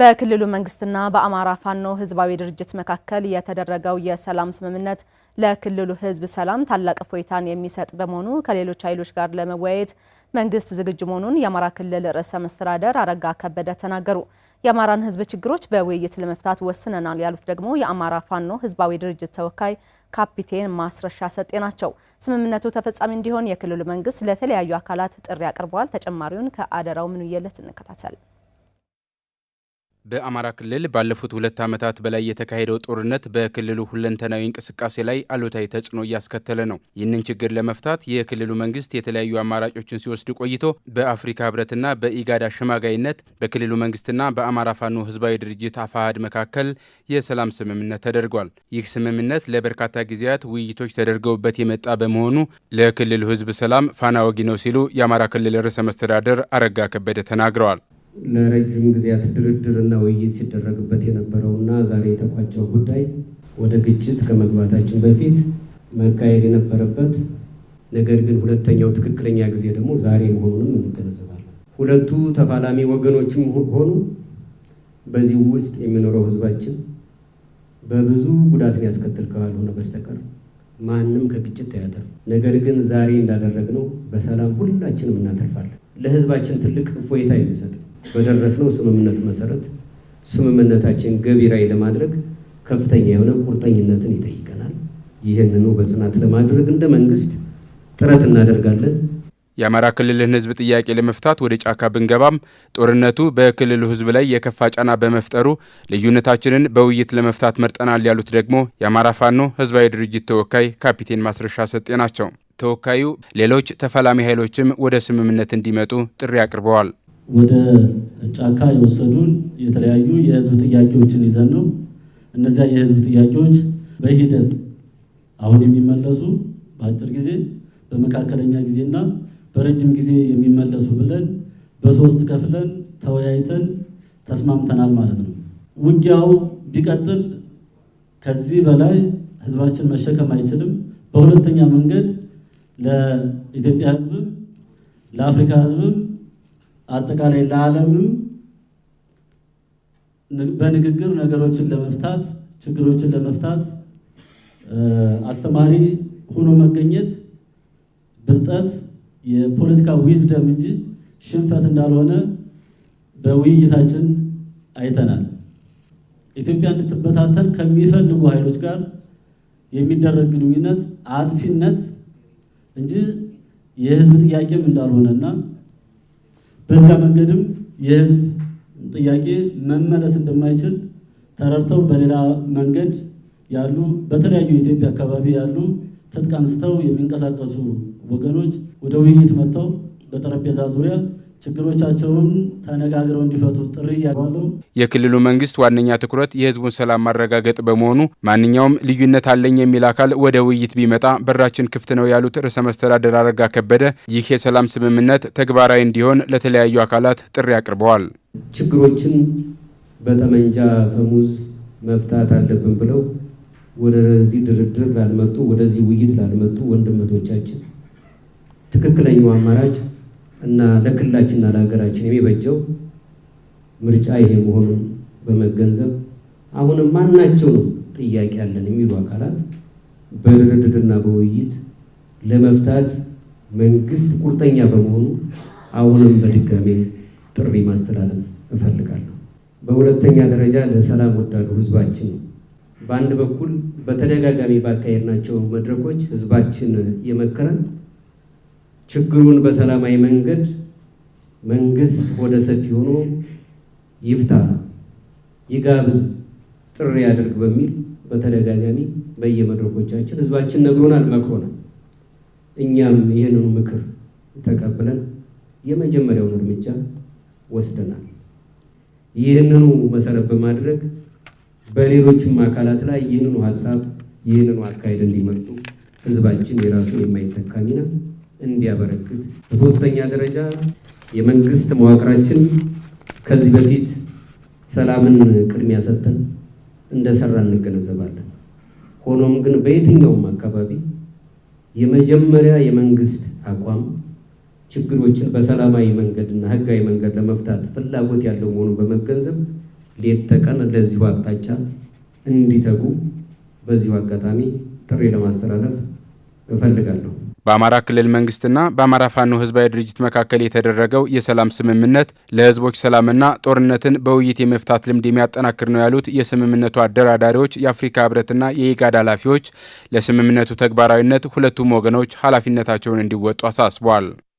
በክልሉ መንግስትና በአማራ ፋኖ ህዝባዊ ድርጅት መካከል የተደረገው የሰላም ስምምነት ለክልሉ ህዝብ ሰላም ታላቅ እፎይታን የሚሰጥ በመሆኑ ከሌሎች ኃይሎች ጋር ለመወያየት መንግስት ዝግጁ መሆኑን የአማራ ክልል ርዕሰ መስተዳደር አረጋ ከበደ ተናገሩ። የአማራን ህዝብ ችግሮች በውይይት ለመፍታት ወስነናል ያሉት ደግሞ የአማራ ፋኖ ህዝባዊ ድርጅት ተወካይ ካፒቴን ማስረሻ ሰጤ ናቸው። ስምምነቱ ተፈጻሚ እንዲሆን የክልሉ መንግስት ለተለያዩ አካላት ጥሪ አቅርበዋል። ተጨማሪውን ከአደራው ምንየለት እንከታተል። በአማራ ክልል ባለፉት ሁለት ዓመታት በላይ የተካሄደው ጦርነት በክልሉ ሁለንተናዊ እንቅስቃሴ ላይ አሉታዊ ተጽዕኖ እያስከተለ ነው። ይህንን ችግር ለመፍታት የክልሉ መንግስት የተለያዩ አማራጮችን ሲወስድ ቆይቶ በአፍሪካ ህብረትና በኢጋድ አሸማጋይነት በክልሉ መንግስትና በአማራ ፋኖ ህዝባዊ ድርጅት አፋሃድ መካከል የሰላም ስምምነት ተደርጓል። ይህ ስምምነት ለበርካታ ጊዜያት ውይይቶች ተደርገውበት የመጣ በመሆኑ ለክልሉ ህዝብ ሰላም ፋና ወጊ ነው ሲሉ የአማራ ክልል ርዕሰ መስተዳደር አረጋ ከበደ ተናግረዋል። ለረጅም ጊዜያት ድርድርና ውይይት ሲደረግበት የነበረውና ዛሬ የተቋጨው ጉዳይ ወደ ግጭት ከመግባታችን በፊት መካሄድ የነበረበት ነገር ግን ሁለተኛው ትክክለኛ ጊዜ ደግሞ ዛሬ መሆኑንም እንገነዘባለን። ሁለቱ ተፋላሚ ወገኖችም ሆኑ በዚህ ውስጥ የሚኖረው ህዝባችን በብዙ ጉዳትን ያስከትል ካልሆነ በስተቀር ማንም ከግጭት አያተርፍ። ነገር ግን ዛሬ እንዳደረግነው በሰላም ሁላችንም እናተርፋለን። ለህዝባችን ትልቅ እፎይታ የሚሰጥ በደረስነው ስምምነት መሰረት ስምምነታችን ገቢራዊ ለማድረግ ከፍተኛ የሆነ ቁርጠኝነትን ይጠይቀናል። ይህንኑ በጽናት ለማድረግ እንደ መንግስት ጥረት እናደርጋለን። የአማራ ክልልን ህዝብ ጥያቄ ለመፍታት ወደ ጫካ ብንገባም ጦርነቱ በክልሉ ህዝብ ላይ የከፋ ጫና በመፍጠሩ ልዩነታችንን በውይይት ለመፍታት መርጠናል ያሉት ደግሞ የአማራ ፋኖ ህዝባዊ ድርጅት ተወካይ ካፒቴን ማስረሻ ሰጤ ናቸው። ተወካዩ ሌሎች ተፈላሚ ኃይሎችም ወደ ስምምነት እንዲመጡ ጥሪ አቅርበዋል። ወደ ጫካ የወሰዱን የተለያዩ የህዝብ ጥያቄዎችን ይዘን ነው። እነዚያ የህዝብ ጥያቄዎች በሂደት አሁን የሚመለሱ በአጭር ጊዜ፣ በመካከለኛ ጊዜና በረጅም ጊዜ የሚመለሱ ብለን በሶስት ከፍለን ተወያይተን ተስማምተናል ማለት ነው። ውጊያው ቢቀጥል ከዚህ በላይ ህዝባችን መሸከም አይችልም። በሁለተኛ መንገድ ለኢትዮጵያ ህዝብም ለአፍሪካ ህዝብም አጠቃላይ ለዓለምም በንግግር ነገሮችን ለመፍታት ችግሮችን ለመፍታት አስተማሪ ሆኖ መገኘት ብልጠት የፖለቲካ ዊዝደም እንጂ ሽንፈት እንዳልሆነ በውይይታችን አይተናል። ኢትዮጵያ እንድትበታተን ከሚፈልጉ ኃይሎች ጋር የሚደረግ ግንኙነት አጥፊነት እንጂ የሕዝብ ጥያቄም እንዳልሆነና በዛ መንገድም የህዝብ ጥያቄ መመለስ እንደማይችል ተረድተው በሌላ መንገድ ያሉ በተለያዩ የኢትዮጵያ አካባቢ ያሉ ትጥቅ አንስተው የሚንቀሳቀሱ ወገኖች ወደ ውይይት መጥተው በጠረጴዛ ዙሪያ ችግሮቻቸውን ተነጋግረው እንዲፈቱ ጥሪ እያለሁ የክልሉ መንግስት ዋነኛ ትኩረት የህዝቡን ሰላም ማረጋገጥ በመሆኑ ማንኛውም ልዩነት አለኝ የሚል አካል ወደ ውይይት ቢመጣ በራችን ክፍት ነው ያሉት ርዕሰ መስተዳደር አረጋ ከበደ ይህ የሰላም ስምምነት ተግባራዊ እንዲሆን ለተለያዩ አካላት ጥሪ አቅርበዋል። ችግሮችን በጠመንጃ ፈሙዝ መፍታት አለብን ብለው ወደዚህ ድርድር ላልመጡ፣ ወደዚህ ውይይት ላልመጡ ወንድመቶቻችን ትክክለኛው አማራጭ እና ለክልላችንና ለሀገራችን የሚበጀው ምርጫ ይሄ መሆኑን በመገንዘብ አሁንም ነው ጥያቄ አለን የሚሉ አካላት በድርድርና በውይይት ለመፍታት መንግስት ቁርጠኛ በመሆኑ አሁንም በድጋሜ ጥሪ ማስተላለፍ እፈልጋለሁ። በሁለተኛ ደረጃ ለሰላም ወዳዱ ህዝባችን ነው። በአንድ በኩል በተደጋጋሚ ባካሄድናቸው መድረኮች ህዝባችን የመከረን ችግሩን በሰላማዊ መንገድ መንግስት ወደ ሰፊ ሆኖ ይፍታ፣ ይጋብዝ፣ ጥሪ ያድርግ በሚል በተደጋጋሚ በየመድረኮቻችን ህዝባችን ነግሮናል፣ መክሮናል። እኛም ይህንኑ ምክር ተቀብለን የመጀመሪያውን እርምጃ ወስደናል። ይህንኑ መሰረት በማድረግ በሌሎችም አካላት ላይ ይህንኑ ሀሳብ ይህንኑ አካሄድ እንዲመርጡ ህዝባችን የራሱን የማይተካ ሚና እንዲያበረክት፣ በሶስተኛ ደረጃ የመንግስት መዋቅራችን ከዚህ በፊት ሰላምን ቅድሚያ ሰጥተን እንደሰራ እንገነዘባለን። ሆኖም ግን በየትኛውም አካባቢ የመጀመሪያ የመንግስት አቋም ችግሮችን በሰላማዊ መንገድና ህጋዊ መንገድ ለመፍታት ፍላጎት ያለው መሆኑን በመገንዘብ ሌት ተቀን ለዚሁ አቅጣጫ እንዲተጉ በዚሁ አጋጣሚ ጥሪ ለማስተላለፍ እፈልጋለሁ። በአማራ ክልል መንግስትና በአማራ ፋኖ ህዝባዊ ድርጅት መካከል የተደረገው የሰላም ስምምነት ለህዝቦች ሰላምና ጦርነትን በውይይት የመፍታት ልምድ የሚያጠናክር ነው ያሉት የስምምነቱ አደራዳሪዎች፣ የአፍሪካ ህብረትና የኢጋድ ኃላፊዎች ለስምምነቱ ተግባራዊነት ሁለቱም ወገኖች ኃላፊነታቸውን እንዲወጡ አሳስቧል።